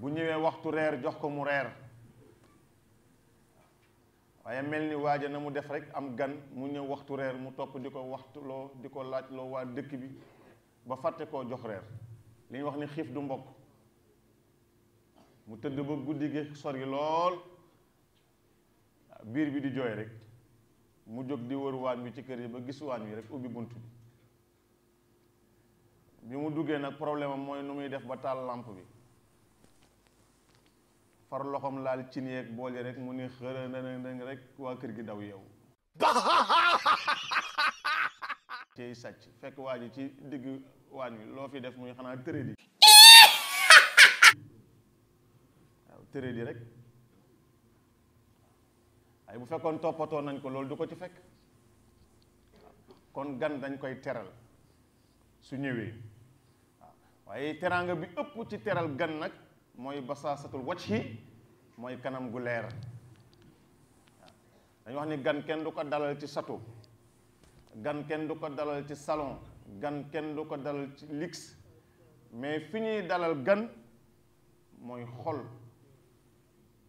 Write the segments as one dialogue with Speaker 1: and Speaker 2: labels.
Speaker 1: bu ñëwee waxtu reer jox ko mu reer waye melni ni waaja na mu def rek am gan mu ñëw waxtu reer mu top diko waxtu lo di ko lo wa dëkk bi ba fàtte ko jox rër li wax ni xif du mbokk mu tëdd ba guddi gi sori lool biir bi di joy rek mu jog di wër waan bi ci kër yi ba gis waan wi rek ubi buntu bi mu duggé nak problème moy numuy def ba tal lampe bi far loxom laal ci ak boole rek mu ni xëra na na rek wa kër gi daw yow cey sacc fekk waji ci digg waañ wi fi def muy xanaa tërëdi waaw di rek ay bu fekkon topato nañ ko loolu du ko ci fekk kon gan dañ koy teral su ñëwee waye teranga bi ëpp ci teral gan nak mooy basaasatul wajhi mooy kanam gu leer dañu wax ni gan kenn du ko dalal ci château gan kenn du ko dalal ci salon gan kenn du ko dalal ci lix mais fi ñuy dalal gan mooy xol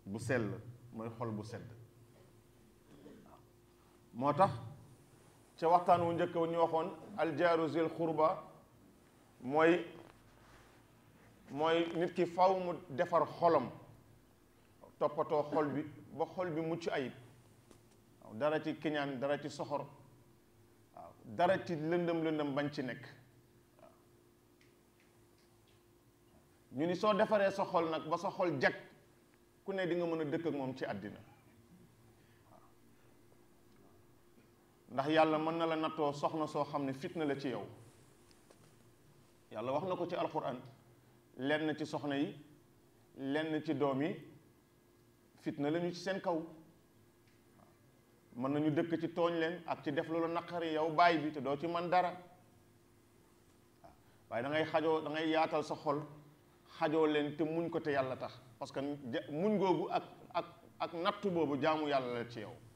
Speaker 1: bu sell mooy xol bu sedd moo tax ca waxtaan wu njëkk wu ñu waxoon aljaaru zil xurba mooy mooy nit ki faw mu defar xolam toppatoo xol bi ba xol bi mucc ayib waaw dara ci kiñaan dara ci soxor waaw dara ci lëndëm lëndëm bañ ci nekk ñu ni soo defaree sa xol nag ba sa xol jag ku ne di nga mën a dëkk ak moom ci àddina ndax yàlla mën na la nattoo soxna soo xam ne fitna la ci yow yàlla wax na ko ci alxuraan lenn ci soxna yi lenn ci doom yi fitna lañu ci seen kaw mën nañu dëkk ci tooñ leen ak ci def loolu naqari yow baay bi te doo ci man dara waaye dangay ngay xajoo da yaatal sa xol xajoo leen te muñ ko te yàlla tax parce que muñ googu ak ak ak nattu boobu jaamu yàlla la ci yow